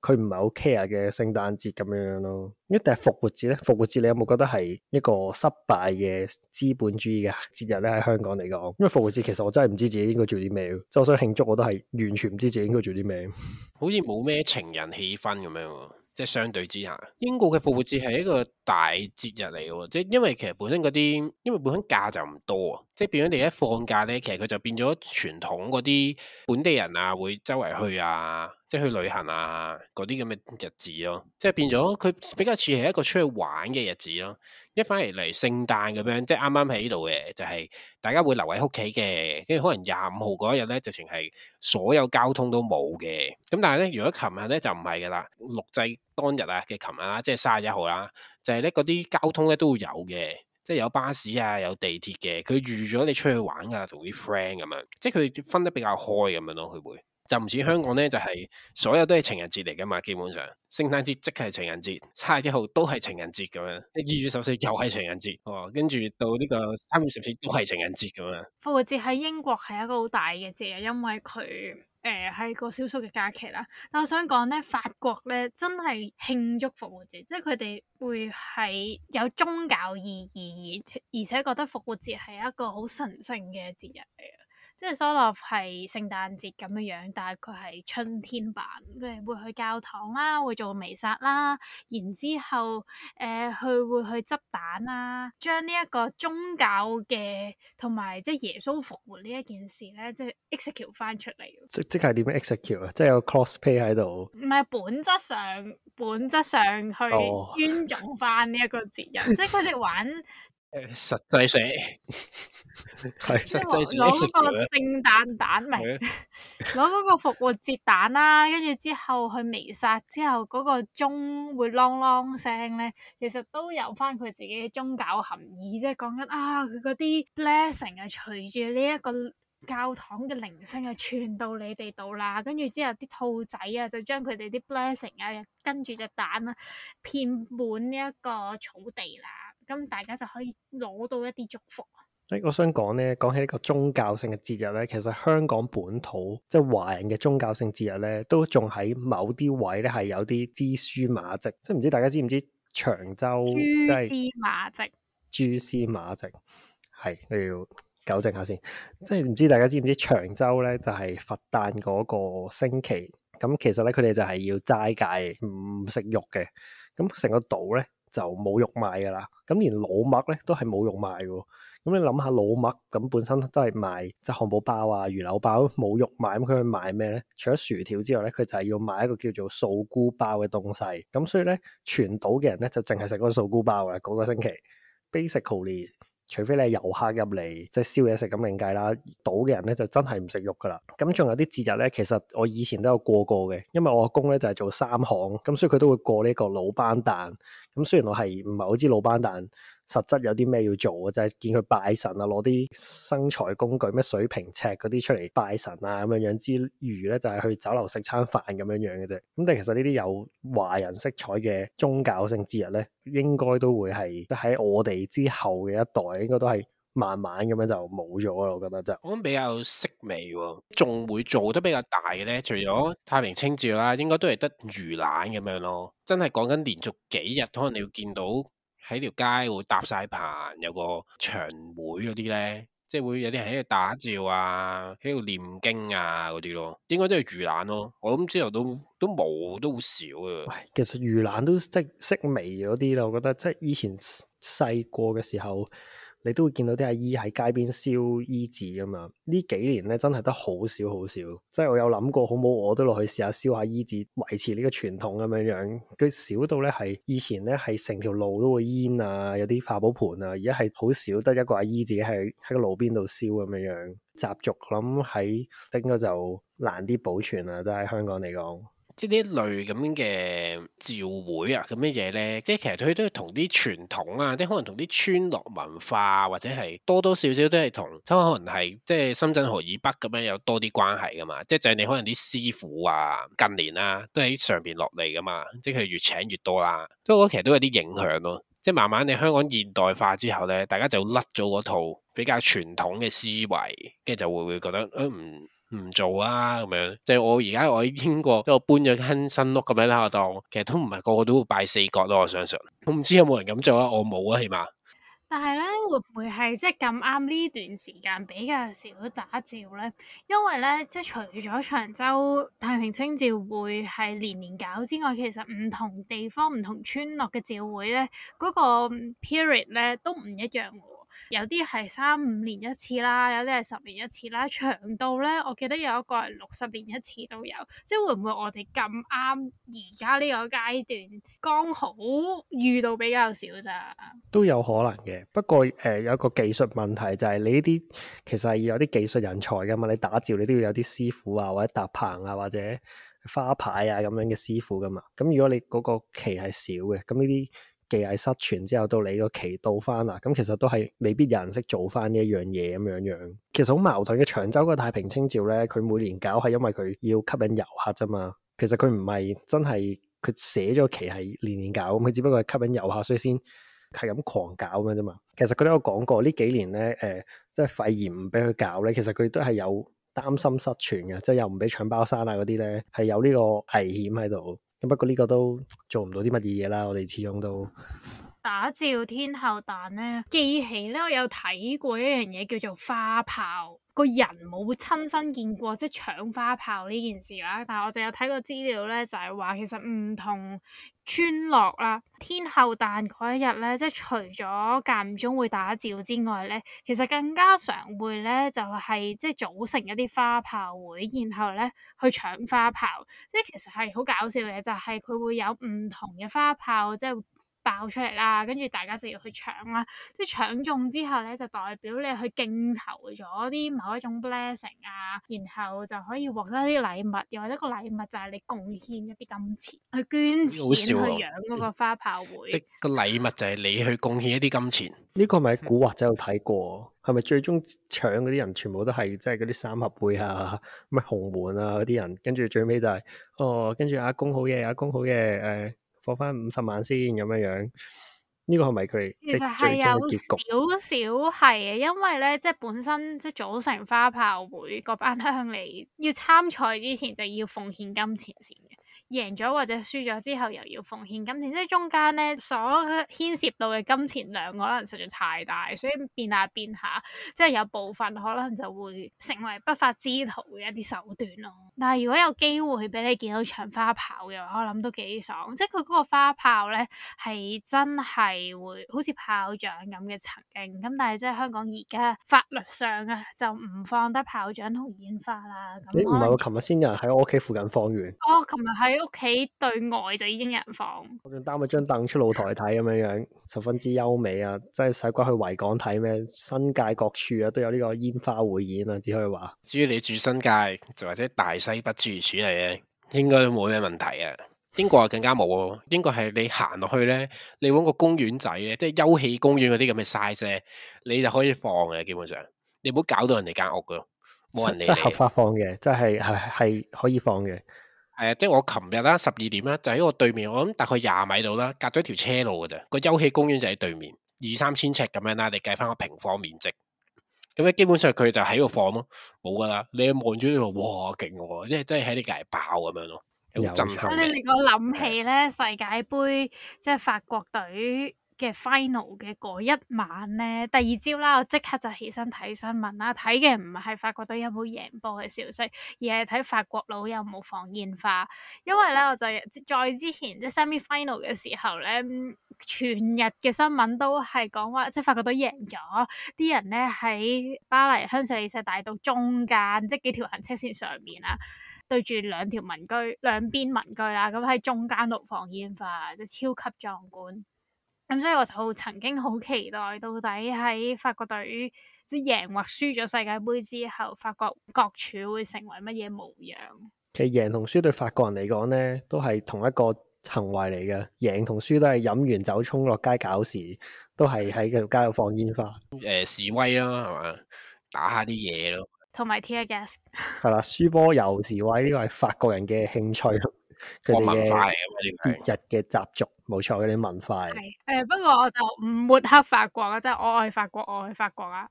佢唔係好 care 嘅聖誕節咁樣樣咯。一定係復活節咧，復活節你有冇覺得係一個失敗嘅資本主義嘅節日咧？喺香港嚟講，因為復活節其實我真係唔知自己應該做啲咩，即係我想慶祝，我都係完全唔知自己應該做啲咩，好似冇咩情人氣氛咁樣。即係相對之下，英國嘅復活節係一個大節日嚟嘅喎，即係因為其實本身嗰啲，因為本身假就唔多啊。即係變咗，你一放假咧，其實佢就變咗傳統嗰啲本地人啊，會周圍去啊，即係去旅行啊，嗰啲咁嘅日子咯。即係變咗，佢比較似係一個出去玩嘅日子咯。一翻嚟嚟聖誕咁樣，即係啱啱喺呢度嘅，就係大家會留喺屋企嘅，跟住可能廿五號嗰一日咧，直情係所有交通都冇嘅。咁但係咧，如果琴日咧就唔係㗎啦，錄製當日啊嘅琴日啦，即係卅一號啦，就係咧嗰啲交通咧都會有嘅。即係有巴士啊，有地鐵嘅，佢預咗你出去玩啊，同啲 friend 咁樣，即係佢分得比較開咁樣咯，佢會就唔似香港咧，就係所有都係情人節嚟噶嘛，基本上聖誕節即係情人節，三十一號都係情人節咁樣，二月十四又係情人節哦，跟住到呢個三月十四都係情人節咁樣。復活節喺英國係一個好大嘅節日，因為佢。誒係、呃、個小數嘅假期啦，但我想講咧，法國咧真係慶祝復活節，即係佢哋會係有宗教意義而而且覺得復活節係一個好神聖嘅節日嚟嘅。即係 Soloff 係聖誕節咁樣樣，但係佢係春天版，佢會去教堂啦，會做彌撒啦，然之後誒佢、呃、會去執蛋啦，將呢一個宗教嘅同埋即係耶穌復活呢一件事咧，即係 execute 翻出嚟。即即係點樣 execute 啊？即係有 cosplay 喺度？唔係本質上，本質上去尊重翻呢一個節日，哦、 即係佢哋玩。實際性係實際性，攞個聖誕蛋蛋嚟，攞嗰是的 個復活節蛋啦，跟住之後佢彌撒之後嗰個鐘會啷啷聲咧，其實都有翻佢自己嘅宗教含義，即係講緊啊，佢嗰啲 blessing 啊，隨住呢一個教堂嘅鈴聲啊，傳到你哋度啦，跟住之後啲兔仔啊，就將佢哋啲 blessing 啊，跟住隻蛋啊，遍滿呢一個草地啦。咁大家就可以攞到一啲祝福啊！誒，我想講咧，講起呢個宗教性嘅節日咧，其實香港本土即係，就是，華人嘅宗教性節日咧，都仲喺某啲位咧係有啲蛛絲馬跡。即係唔知大家知唔知長洲蛛絲馬跡？蛛絲馬跡係，你要糾正下先。 即係唔知大家知唔知長洲咧，就係、是、佛誕嗰個星期。咁其實咧，佢哋就係要齋戒，唔食肉嘅。咁成個島咧～就冇肉賣㗎喇，咁連老麥咧都係冇肉賣喎。咁你諗下老麥咁本身都係賣即係漢堡包啊、魚柳包，冇肉賣，咁佢去賣咩咧？除咗薯條之外咧，佢就係要賣一個叫做素菇包嘅東西。咁所以咧，全島嘅人咧就淨係食嗰素菇包啦，嗰個星期。basically 除非你係遊客入嚟，即係燒嘢食咁另計啦，賭嘅人咧就真係唔食肉噶啦。咁仲有啲節日咧，其實我以前都有過過嘅，因為我阿公咧就係做三行，咁所以佢都會過呢一個魯班誕。咁雖然我係唔係好知魯班誕。實質有啲咩要做就啫、係？見佢拜神啊，攞啲生財工具，咩水平尺嗰啲出嚟拜神啊咁樣樣之餘咧，就係、係、去酒樓食餐飯咁樣樣嘅啫。咁但其實呢啲有華人色彩嘅宗教性節日咧，應該都會係喺我哋之後嘅一代，應該都係慢慢咁樣就冇咗啦。我覺得就係、我覺比較色味、啊，仲會做得比較大嘅咧，除咗太平清醮啦、啊，應該都係得盂蘭咁樣咯。真係講緊連續幾日，可能你要見到。喺條街會搭晒棚，有個場會嗰啲咧，即係會有啲人喺度打醮啊，喺度念經啊嗰啲咯，應該都係盂蘭咯。我諗之後都都冇，都好少啊、哎。其實盂蘭都即係式微嗰啲咯，我覺得即係以前細個嘅時候。你都會見到啲阿姨喺街邊燒衣紙噶嘛？呢幾年咧真係得好少好少，即係我有諗過好唔好我都落去試下燒下衣紙，維持呢個傳統咁樣樣。佢少到咧係以前咧係成條路都會煙啊，有啲化寶盆啊，而家係好少得一個阿姨自己喺喺個路邊度燒咁樣樣。習俗諗喺應該就難啲保存啦，都喺香港嚟講。即呢類咁嘅召會啊，咁嘅嘢咧，即其實佢都係同啲傳統啊，即可能同啲村落文化、啊、或者係多多少少都係同，可能係即深圳河以北咁樣有多啲關係噶嘛。即就係你可能啲師傅啊，近年啦、啊、都喺上邊落嚟噶嘛，即佢越請越多啦。都我覺得其實都有啲影響咯。即慢慢你香港現代化之後咧，大家就甩咗嗰套比較傳統嘅思維，跟住就會會覺得嗯。唔做啊，咁樣即係我而家我喺英國我搬咗間新屋咁樣啦，我當其實都唔係個個都會拜四角咯，我相信。我唔知有冇人咁做啊，我冇啊，起碼。但係咧，會唔會係即係咁啱呢段時間比較少打醮咧？因為咧，即係除咗長洲太平清醮會係年年搞之外，其實唔同地方唔同村落嘅醮會咧，嗰個 period 咧都唔一樣。有啲係三五年一次啦，有啲係十年一次啦，長度咧，我記得有一個係六十年一次都有，即係會唔會我哋咁啱而家呢個階段剛好遇到比較少咋？都有可能嘅，不過誒、呃、有一個技術問題就係你呢啲其實要有啲技術人才㗎嘛，你打造你都要有啲師傅啊，或者搭棚啊，或者花牌啊咁樣嘅師傅㗎嘛，咁如果你嗰個期係少嘅，咁呢啲，技藝失傳之後，到你個期到翻啊，咁其實都係未必有人識做翻呢一樣嘢咁樣樣。其實好矛盾嘅，長洲個太平清醮咧，佢每年搞係因為佢要吸引遊客啫嘛。其實佢唔係真係佢寫咗期係年年搞，佢只不過係吸引遊客，所以先係咁狂搞嘅啫嘛。其實佢都有講過，呢幾年咧，誒、呃，即係肺炎唔俾佢搞咧，其實佢都係有擔心失傳嘅，即係又唔俾搶包山啊嗰啲咧，係有呢個危險喺度。不過呢個都做唔到啲乜嘢嘢啦，我哋始終都打照天后，彈呢，記起呢，我有睇過一樣嘢叫做花炮。個人冇親身見過即搶花炮呢件事啦，但係我就有睇過資料咧，就係話其實唔同村落啦，天后誕嗰一日咧，即係除咗間唔中會打照之外咧，其實更加常會咧就係即係組成一啲花炮會，然後咧去搶花炮。即係其實係好搞笑嘅，就係佢會有唔同嘅花炮，即係。爆出嚟啦，跟住大家就要去搶啦。即係搶中之後咧，就代表你去競投咗啲某一種 blessing 啊，然後就可以獲得啲禮物。又或者個禮物就係你貢獻一啲金錢去捐錢、啊、去養嗰個花炮會。即個、嗯、禮物就係你去貢獻一啲金錢。呢個咪喺古惑仔度睇過，係咪最終搶嗰啲人全部都係即係嗰啲三合會啊、咩洪門啊嗰啲人？跟住最尾就係、是、哦，跟住阿公好嘢，阿公好嘢。誒。呃放翻五十萬先咁樣樣，呢、這個係咪佢其實有最終嘅結局？少少係，因為咧，即係本身即係組成花炮會嗰班鄉里要參賽之前就要奉獻金錢先。贏咗或者輸咗之後又要奉獻金錢，即係中間咧所牽涉到嘅金錢量可能實在太大，所以變下變下，即係有部分可能就會成為不法之徒嘅一啲手段咯。但係如果有機會俾你見到長花炮嘅話，我諗都幾爽，即係佢嗰個花炮咧係真係會好似炮仗咁嘅曾經。咁但係即係香港而家法律上啊就唔放得炮仗同煙花啦。咁你唔係我琴日先有人喺我屋企附近放完。哦，琴日喺。屋企對外就已經有人放，我仲擔咗張凳出露台睇咁樣樣，十分之優美啊！即係使鬼去維港睇咩？新界各處啊，都有呢個煙花匯演啊，只可以話。至於你住新界，就或者大西北住處嚟嘅，應該都冇咩問題啊。英國啊，更加冇哦。英國係你行落去咧，你搵個公園仔咧，即係休憩公園嗰啲咁嘅 size，你就可以放嘅。基本上，你唔好搞到人哋間屋嘅，冇人嚟，合法放嘅，即係係係可以放嘅。誒、呃，即係我琴日啦，十二點啦，就喺我對面，我諗大概廿米度啦，隔咗條車路嘅啫。個休憩公園就喺對面，二三千尺咁樣啦，你計翻個平方面積，咁咧基本上佢就喺度放咯，冇噶啦。你望住呢度，哇，勁喎，即係真係喺呢隔籬爆咁樣咯，有震撼嘅。的你令我諗起咧，世界盃即係法國隊。嘅 final 嘅嗰一晚咧，第二朝啦，我即刻就起身睇新聞啦。睇嘅唔係法國隊有冇贏波嘅消息，而係睇法國佬有冇放煙花。因為咧，我就再之前即 semi final 嘅時候咧，全日嘅新聞都係講話，即法國隊贏咗，啲人咧喺巴黎香榭麗舍大道中間，即幾條行車線上面啦、啊，對住兩條民居兩邊民居啦，咁喺中間度放煙花，即超級壯觀。咁所以我就曾經好期待，到底喺法國隊即係贏或輸咗世界盃之後，法國各處會成為乜嘢模樣？其實贏同輸對法國人嚟講咧，都係同一個行為嚟嘅。贏同輸都係飲完酒衝落街搞事，都係喺度街度放煙花，誒、呃、示威啦，係嘛？打一下啲嘢咯，同埋 tear gas。係啦，輸波又示威，呢個係法國人嘅興趣，佢哋嘅節日嘅習俗。冇錯，佢哋文化係誒，嗯。不過我就唔抹黑法國啊，即係我愛法國，我愛法國啊。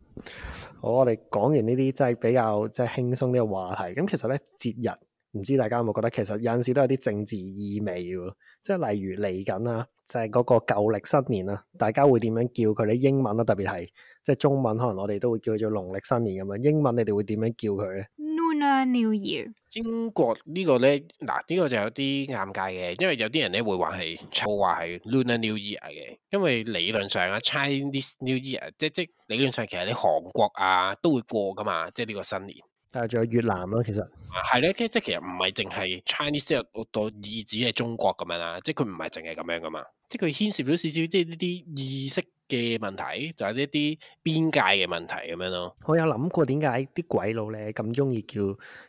好，我哋講完呢啲即係比較即係輕鬆啲嘅話題。咁其實咧，節日唔知大家有冇覺得其實有陣時都有啲政治意味喎。即係例如嚟緊啊，就係嗰個舊曆新年啊，大家會點樣叫佢咧？英文啊，特別係即係中文，可能我哋都會叫做農曆新年咁樣。英文你哋會點樣叫佢咧？New Year，英國個呢個咧，嗱、這、呢個就有啲尷尬嘅，因為有啲人咧會話係錯話係 Lunar New Year 嘅，因為理論上啊 Chinese New Year，即即理論上其實你韓國啊都會過噶嘛，即呢個新年。但啊，仲有越南咯、啊，其實係咧、啊，即即其實唔係淨係 Chinese New Year，我意指係中國咁樣啊，即佢唔係淨係咁樣噶嘛，即佢牽涉咗少少即呢啲意識。嘅問題就係呢啲邊界嘅問題咁樣咯。我有諗過點解啲鬼佬咧咁中意叫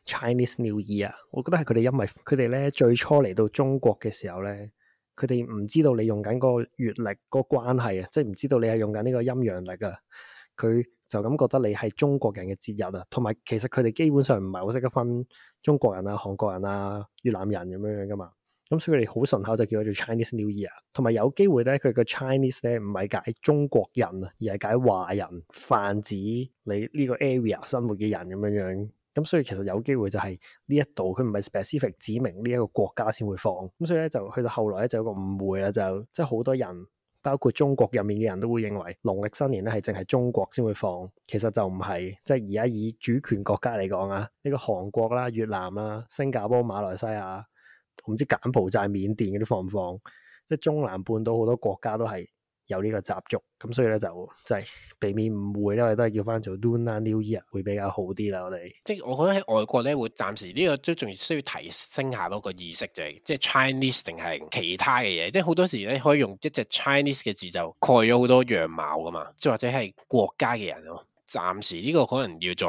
Chinese New Year 啊？我覺得係佢哋因為佢哋咧最初嚟到中國嘅時候咧，佢哋唔知道你用緊嗰個月曆嗰個關係啊，即係唔知道你係用緊呢個陰陽曆啊。佢就咁覺得你係中國人嘅節日啊，同埋其實佢哋基本上唔係好識得分中國人啊、韓國人啊、越南人咁樣樣噶嘛。咁所以佢哋好順口就叫佢做 Chinese New Year，同埋有，有機會咧，佢個 Chinese 咧唔係解中國人啊，而係解華人泛指你呢個 area 生活嘅人咁樣樣。咁所以其實有機會就係呢一度佢唔係 specific 指明呢一個國家先會放。咁所以咧就去到後來咧就有個誤會啊，就即係好多人包括中國入面嘅人都會認為農曆新年咧係淨係中國先會放，其實就唔係。即係而家以主權國家嚟講啊，呢個韓國啦、啊、越南啦、啊、新加坡、馬來西亞。唔知柬埔寨、緬甸嗰啲放唔放，即係中南半島好多國家都係有呢個習俗，咁所以咧就就係避免誤會咧，我哋都係叫翻做 Lunar New Year 會比較好啲啦。我哋即係我覺得喺外國咧，會暫時呢個都仲需要提升下嗰個意識，就係即係 Chinese 定係其他嘅嘢，即係好多時咧可以用一隻 Chinese 嘅字就蓋咗好多樣貌噶嘛，即係或者係國家嘅人咯。暫時呢個可能要再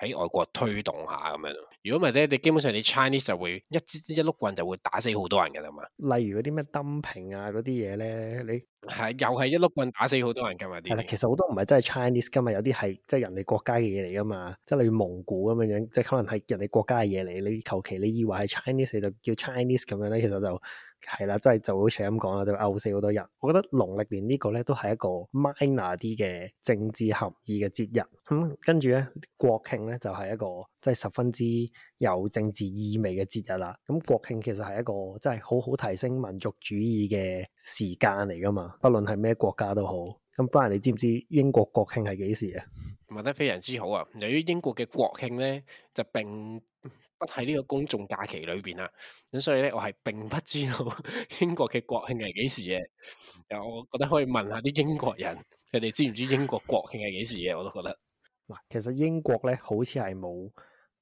喺外國推動下咁樣。如果唔係咧，你基本上你 Chinese 就會一支一碌棍就會打死好多人㗎啦嘛。例如嗰啲咩 dumpling 啊嗰啲嘢咧，你係又係一碌棍打死好多人㗎嘛？係啦、嗯，其實好多唔係真係 Chinese，今日有啲係即係人哋國家嘅嘢嚟噶嘛。即係你蒙古咁樣樣，即係可能係人哋國家嘅嘢嚟。你求其你以為係 Chinese，你就叫 Chinese 咁樣咧，其實就。係啦，即係就好似咁講啦，就嘔死好多人。我覺得農曆年呢個咧都係一個 minor 啲嘅政治含義嘅節日。咁跟住咧國慶咧就係、是、一個即係十分之有政治意味嘅節日啦。咁國慶其實係一個即係好好提升民族主義嘅時間嚟㗎嘛，不論係咩國家都好。咁，班人你知唔知英國國慶係幾時啊？問得非常之好啊！由於英國嘅國慶咧，就並不喺呢個公眾假期裏邊啊，咁所以咧，我係並不知道英國嘅國慶係幾時嘅。又我覺得可以問下啲英國人，佢哋知唔知英國國慶係幾時嘅？我都覺得，嗱，其實英國咧好似係冇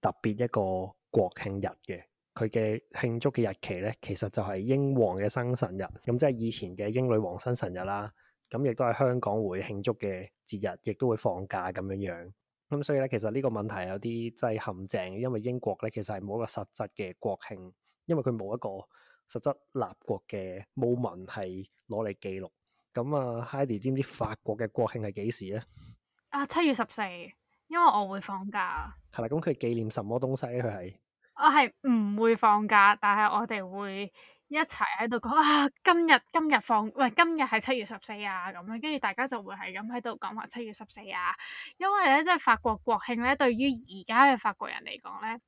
特別一個國慶日嘅，佢嘅慶祝嘅日期咧，其實就係英皇嘅生辰日，咁即係以前嘅英女王生辰日啦。咁亦都係香港會慶祝嘅節日，亦都會放假咁樣樣。咁所以咧，其實呢個問題有啲即係陷阱，因為英國咧其實係冇一個實質嘅國慶，因為佢冇一個實質立國嘅 moment 係攞嚟記錄。咁啊，Haidee 知唔知法國嘅國慶係幾時咧？啊，七月十四，因為我會放假。係啦，咁佢紀念什麼東西咧？佢係？我係唔會放假，但係我哋會一齊喺度講啊，今日今日放，喂今日係七月十四啊，咁樣，跟住大家就會係咁喺度講話七月十四啊，因為咧，即係法國國慶咧，對於而家嘅法國人嚟講咧，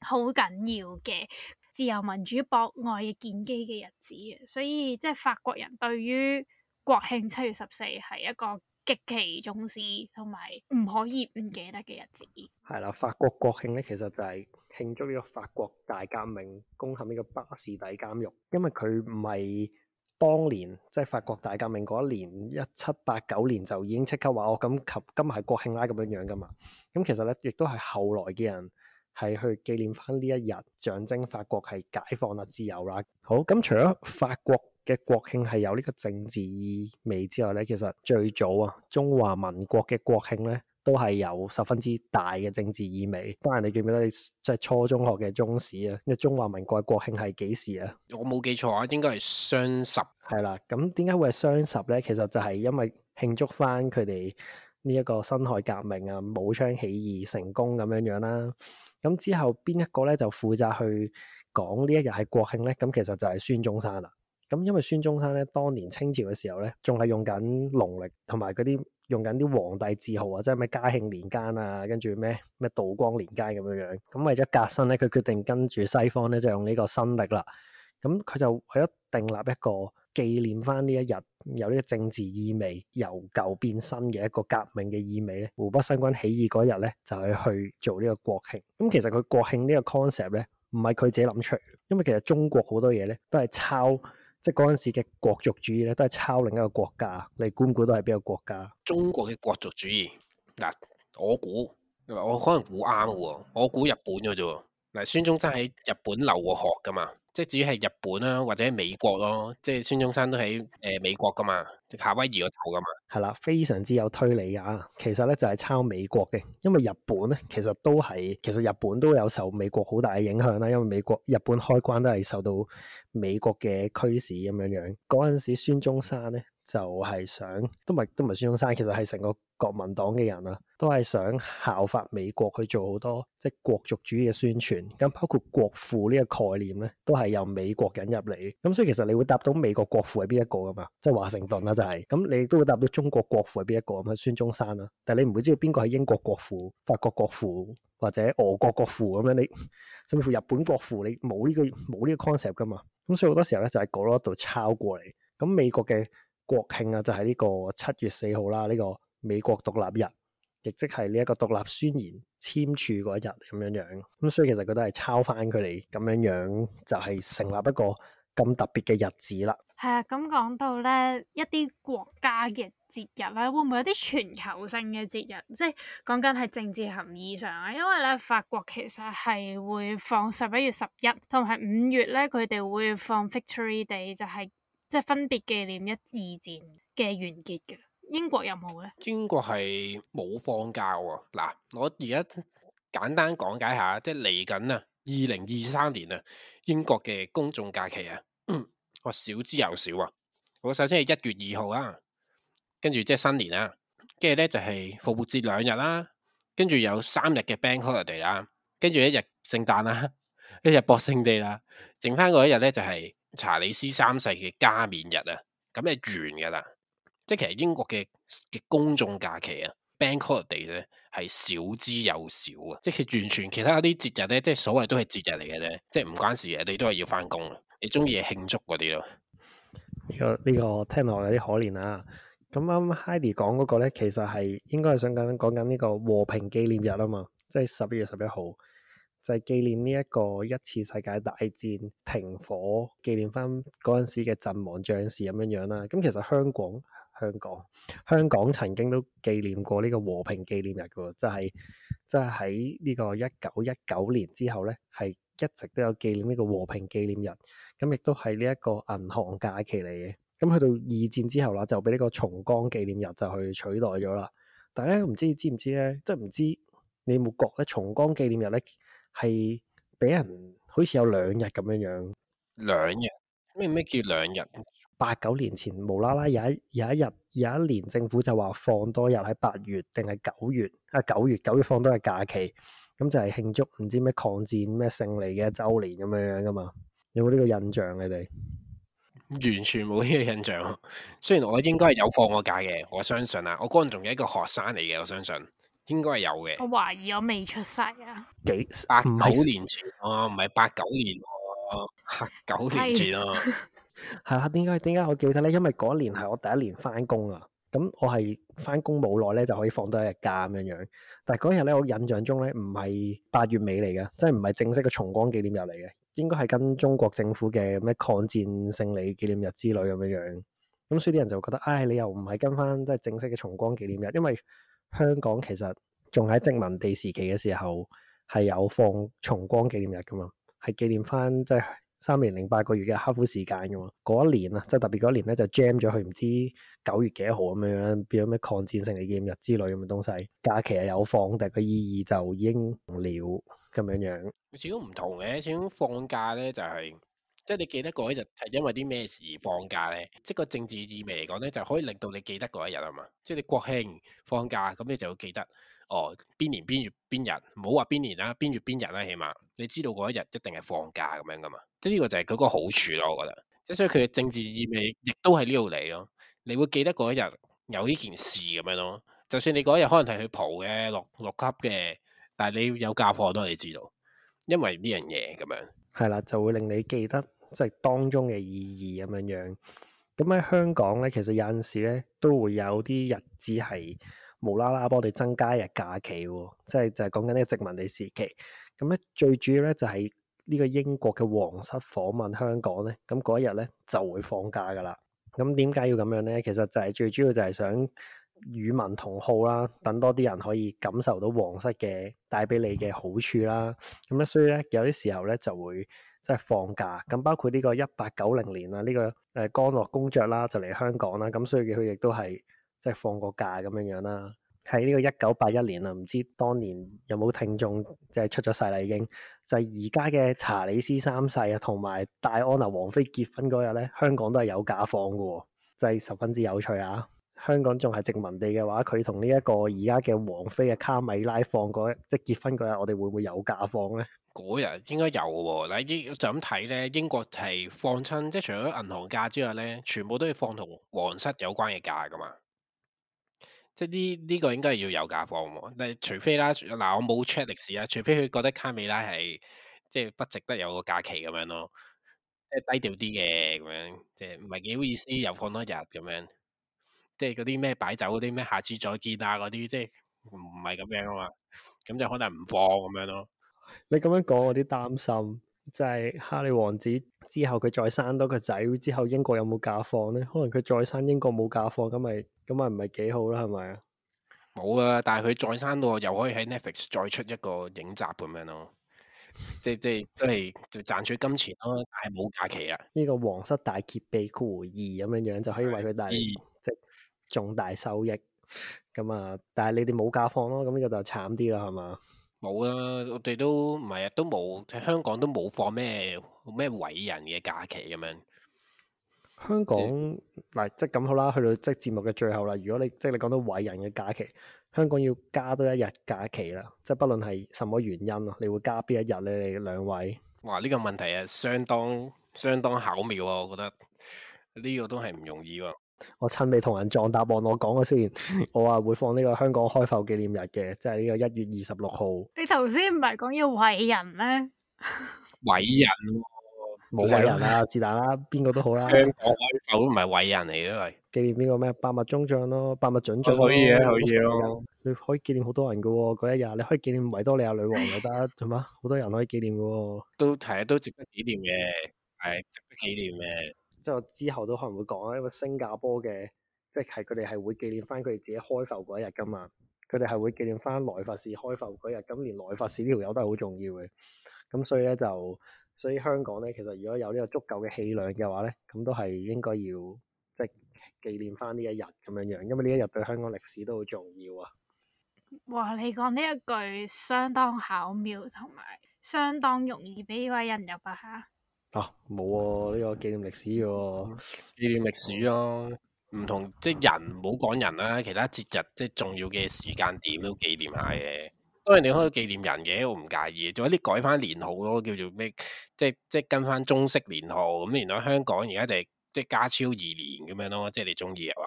好緊要嘅自由民主博愛嘅建基嘅日子，所以即係法國人對於國慶七月十四係一個。極其重視同埋唔可以唔記得嘅日子，係啦，法國國慶咧，其實就係慶祝呢個法國大革命攻陷呢個巴士底監獄，因為佢唔係當年即係、就是、法國大革命嗰一年一七八九年就已經即刻話我今及今日係國慶啦咁樣樣噶嘛，咁、嗯、其實咧亦都係後來嘅人係去紀念翻呢一日象徵法國係解放啦、啊、自由啦、啊。好咁，除咗法國。嘅國慶係有呢個政治意味之外咧，其實最早啊，中華民國嘅國慶咧都係有十分之大嘅政治意味。當年你記唔記得你即係初中學嘅中史啊？因為中華民國嘅國慶係幾時啊？我冇記錯啊，應該係雙十係啦。咁點解會係雙十咧？其實就係因為慶祝翻佢哋呢一個辛亥革命啊、武昌起義成功咁樣樣、啊、啦。咁之後邊一個咧就負責去講呢一日係國慶咧？咁其實就係孫中山啦、啊。咁因為孫中山咧，當年清朝嘅時候咧，仲係用緊農曆，同埋嗰啲用緊啲皇帝字號啊，即係咩嘉慶年間啊，跟住咩咩道光年間咁樣樣。咁、嗯、為咗革新咧，佢決定跟住西方咧就用呢個新曆啦。咁、嗯、佢就為咗定立一個紀念翻呢一日有呢個政治意味由舊變新嘅一個革命嘅意味咧。湖北新軍起義嗰日咧就係去做呢個國慶。咁、嗯、其實佢國慶呢個 concept 咧唔係佢自己諗出嚟，因為其實中國好多嘢咧都係抄。即係嗰陣時嘅國族主義咧，都係抄另一個國家。你估唔估到係邊個國家？中國嘅國族主義嗱，我估，我可能估啱喎。我估日本嘅啫。嗱，孫中山喺日本留過學噶嘛？即係至於係日本啦，或者美國咯，即係孫中山都喺誒、呃、美國噶嘛，夏威夷個頭噶嘛，係啦，非常之有推理啊。其實咧就係抄美國嘅，因為日本咧其實都係其實日本都有受美國好大嘅影響啦。因為美國日本開關都係受到美國嘅驅使咁樣樣。嗰陣時孫中山咧就係、是、想都唔係都唔係孫中山，其實係成個國民黨嘅人啦。都係想效法美國去做好多即係、就是、國族主義嘅宣傳。咁包括國父呢個概念咧，都係由美國引入嚟。咁所以其實你會答到美國國父係邊一個噶嘛？即、就、係、是、華盛頓啦、就是，就係咁。你都會答到中國國父係邊一個咁樣孫中山啦。但係你唔會知道邊個係英國國父、法國國父或者俄國國父咁樣。你甚至乎日本國父你冇呢、這個冇呢個 concept 噶嘛。咁所以好多時候咧就係嗰度抄過嚟。咁美國嘅國慶啊，就係呢個七月四號啦。呢個美國獨立日。亦即係呢一個獨立宣言簽署嗰一日咁樣樣，咁所以其實佢都係抄翻佢哋咁樣樣，就係成立一個咁特別嘅日子啦。係啊，咁講到咧一啲國家嘅節日咧，會唔會有啲全球性嘅節日？即係講緊係政治含義上啊，因為咧法國其實係會放十一月十一，同埋五月咧，佢哋會放 Victory Day，就係即係分別紀念一二戰嘅完結㗎。英國，呢英國有冇咧？英國係冇放假喎。嗱，我而家簡單講解下，即係嚟緊啊，二零二三年啊，英國嘅公眾假期啊，嗯、我少之又少啊。我首先係一月二號啊，跟住即係新年啦，啊，跟住咧就係復活節兩日啦，啊，跟住有三日嘅 Bank Holiday 啦，啊，跟住一日聖誕啦，啊，一日博聖地啦，啊，剩翻嗰一日咧就係查理斯三世嘅加冕日啊，咁就完㗎啦。即係其實英國嘅嘅公眾假期啊，Bank Holiday 咧係少之又少啊。即係完全其他啲節日咧，即係所謂都係節日嚟嘅啫，即係唔關事嘅，你都係要翻工、這個這個、啊。你中意嘢慶祝嗰啲咯。呢、嗯、個呢個聽落有啲可憐啦。咁啱 Haidee 講嗰個咧，其實係應該係想講緊講呢個和平紀念日啊嘛，即係十一月十一號，就係、是、紀念呢一個一次世界大戰停火，紀念翻嗰陣時嘅陣亡將士咁樣樣啦。咁其實香港。香港，香港曾經都紀念過呢個和平紀念日嘅，就係即係喺呢個一九一九年之後咧，係一直都有紀念呢個和平紀念日。咁亦都係呢一個銀行假期嚟嘅。咁去到二戰之後啦，就俾呢個重光紀念日就去取代咗啦。但係咧，唔知你知唔知咧？即係唔知你有冇覺咧？重光紀念日咧係俾人好似有兩日咁樣樣，兩日咩咩叫兩日？八九年前，無啦啦有一有一日有一年，政府就話放多日喺八月定係九月啊，九月九月放多日假期，咁就係慶祝唔知咩抗戰咩勝利嘅周年咁樣樣噶嘛？有冇呢個印象你哋？完全冇呢個印象。雖然我應該係有放過假嘅，我相信啊。我嗰陣仲係一個學生嚟嘅，我相信應該係有嘅。我懷疑我未出世啊！幾八九年前哦、啊，唔係八九年哦、啊，八九年前啊。是 係啦，點解點解我記得咧？因為嗰年係我第一年翻工，啊，咁我係翻工冇耐咧，就可以放多一日假咁樣樣。但嗰日咧，我印象中咧唔係八月尾嚟嘅，即係唔係正式嘅重光紀念日嚟嘅，應該係跟中國政府嘅咩抗戰勝利紀念日之類咁樣樣。咁所以啲人就會覺得，唉、哎，你又唔係跟翻即係正式嘅重光紀念日，因為香港其實仲喺殖民地時期嘅時候係有放重光紀念日噶嘛，係紀念翻即係。就是三年零八個月嘅刻苦時間嘅喎，嗰一年啊，即係特別嗰一年咧就 jam 咗去唔知九月幾號咁樣樣，變咗咩抗戰勝利嘅紀念日之類咁嘅東西，假期係有放，但係個意義就已經了咁樣樣。始終唔同嘅，始終放假咧就係、是，即係你記得嗰一日係因為啲咩事而放假咧，即係個政治意味嚟講咧，就可以令到你記得嗰一日啊嘛，即係你國慶放假，咁你就會記得。哦，邊年邊月邊日，唔好話邊年啦，邊月邊日啦，起碼你知道嗰一日一定係放假咁樣噶嘛，即係呢個就係佢個好處咯，我覺得，即係所以佢嘅政治意味亦都喺呢度嚟咯。你會記得嗰一日有呢件事咁樣咯，就算你嗰一日可能係去蒲嘅、落落級嘅，但係你有教課都係你知道，因為呢樣嘢咁樣。係啦，就會令你記得即係、就是、當中嘅意義咁樣樣。咁喺香港咧，其實有陣時咧都會有啲日子係。無啦啦，幫我哋增加日假期喎。哦，即係就係講緊呢個殖民地時期。咁咧、就是就是，最主要咧就係呢個英國嘅皇室訪問香港咧，咁嗰一日咧就會放假噶啦。咁點解要咁樣咧？其實就係最主要就係想與民同好啦，等多啲人可以感受到皇室嘅帶俾你嘅好處啦。咁咧，所以咧有啲時候咧就會即係、就是、放假。咁包括呢個一八九零年啊，呢、這個誒，干諾公爵啦，就嚟香港啦。咁所以佢亦都係。即係放個假咁樣樣啦，喺呢個一九八一年啦，唔知當年有冇聽眾即係出咗世啦已經。就係而家嘅查理斯三世啊，同埋戴安娜王妃結婚嗰日咧，香港都係有假放噶，就係十分之有趣啊。香港仲係殖民地嘅話，佢同呢一個而家嘅王妃嘅卡米拉放個即係結婚嗰日，我哋會唔會有假放咧？嗰日應該有喎、哦，嗱英就咁睇咧，英國係放親，即係除咗銀行假之外咧，全部都要放同皇室有關嘅假噶嘛。即呢呢個應該係要有假放喎，但係除非啦，嗱我冇 check 歷史啦，除非佢覺得卡美拉係即係不值得有個假期咁樣咯，即係低調啲嘅咁樣，即係唔係幾好意思又放多日咁樣，即係嗰啲咩擺酒嗰啲咩下次再見啊嗰啲，即係唔係咁樣啊嘛，咁就可能唔放咁樣咯。你咁樣講我啲擔心，即係哈利王子。之後佢再生多個仔，之後英國有冇假放咧？可能佢再生英國冇假放，咁咪咁咪唔係幾好啦，係咪啊？冇啊，但係佢再生到又可以喺 Netflix 再出一個影集咁樣咯，即係即係都係就賺取金錢咯，但係冇假期啦。呢個皇室大揭秘二咁樣樣就可以為佢帶嚟即係重大收益，咁啊，但係你哋冇假放咯，咁呢個就慘啲啦，係嘛？冇啊，我哋都唔係啊，都冇喺香港都冇放咩咩偉人嘅假期咁樣。香港嗱即，即係咁好啦，去到即係節目嘅最後啦。如果你即係你講到偉人嘅假期，香港要加多一日假期啦。即係不論係什麼原因啊，你會加邊一日咧？你哋兩位？哇！呢個問題係相當相當巧妙啊，我覺得呢個都係唔容易啊。我趁未同人撞答案，我講咗先。我話會放呢個香港開埠紀念日嘅，即係呢個一月二十六號。你頭先唔係講要偉人咩？偉人、啊，冇偉 人啊，自大啦、啊，邊個都好啦、啊。香港開埠唔係偉人嚟嘅，係紀念邊個咩？百物中將咯，百物准將、哦、可以嘅可以咯。你可以紀念好多人噶、哦，嗰一日你可以紀念維多利亞女王又得，係嘛？好多人可以紀念噶、哦，都係都值得紀念嘅，係值得紀念嘅。 即係之後都可能會講啊，因為新加坡嘅即係佢哋係會紀念翻佢哋自己開埠嗰一日噶嘛，佢哋係會紀念翻萊佛士開埠嗰日。咁連萊佛士呢條友都係好重要嘅，咁所以咧就所以香港咧，其實如果有呢個足夠嘅氣量嘅話咧，咁都係應該要即係紀念翻呢一日咁樣樣，因為呢一日對香港歷史都好重要啊。哇！你講呢一句相當巧妙，同埋相當容易俾呢位人入啊嚇～啊，冇啊、哦！呢、這個紀念歷史嘅、哦，紀念歷史咯、啊。唔、嗯、同即係人，唔好講人啦、啊。其他節日即係重要嘅時間點都紀念下嘅。當然你可以紀念人嘅，我唔介意。仲有啲改翻年號咯，叫做咩？即係即係跟翻中式年號咁。原來香港而家就係、即係加超二年咁樣咯。即係你中意啊？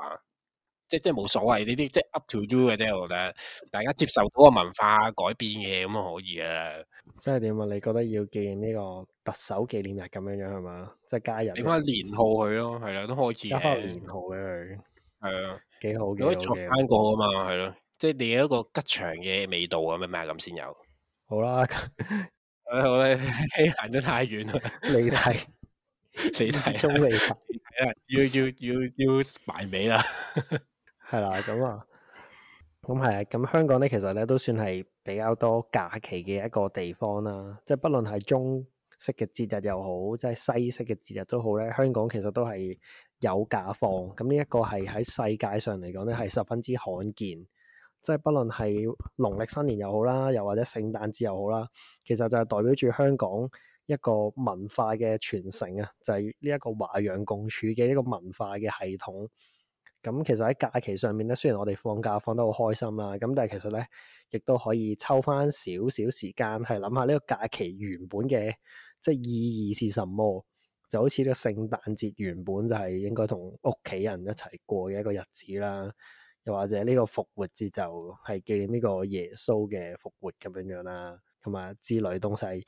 即係即係冇所謂，呢啲即係 up to do 嘅啫。我覺得大家接受嗰個文化改變嘅咁啊，可以啊。即係點啊？你覺得要紀念呢個？特首紀念日咁樣樣係嘛，即係加入點翻年號佢咯，係啦都開始年號咧佢係啊，幾好嘅可以重溫過啊嘛，係咯，即係你有一個吉祥嘅味道啊，咩咩咁先有好啦，好啦行得太遠啦，你睇，你睇，中離要要要要埋尾啦，係啦咁啊，咁係咁香港咧，其實咧都算係比較多假期嘅一個地方啦，即係不論係中式嘅節日又好，即係西式嘅節日都好咧。香港其實都係有假放，咁呢一個係喺世界上嚟講咧係十分之罕見，即係不論係農曆新年又好啦，又或者聖誕節又好啦，其實就係代表住香港一個文化嘅傳承啊，就係呢一個華洋共處嘅一個文化嘅系統。咁其實喺假期上面咧，雖然我哋放假放得好開心啦，咁但係其實咧亦都可以抽翻少少時間係諗下呢個假期原本嘅。即係意義是什麼？就好似呢個聖誕節原本就係應該同屋企人一齊過嘅一個日子啦。又或者呢個復活節就係紀念呢個耶穌嘅復活咁樣樣啦，同埋之類東西。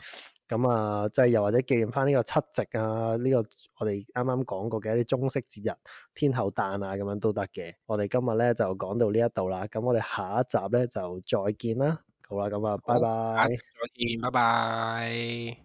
咁啊，即係又或者紀念翻呢個七夕啊，呢個我哋啱啱講過嘅一啲中式節日，天后誕啊，咁樣都得嘅。我哋今日咧就講到呢一度啦。咁我哋下一集咧就再見啦。好啦，咁啊，拜拜，再見，拜拜。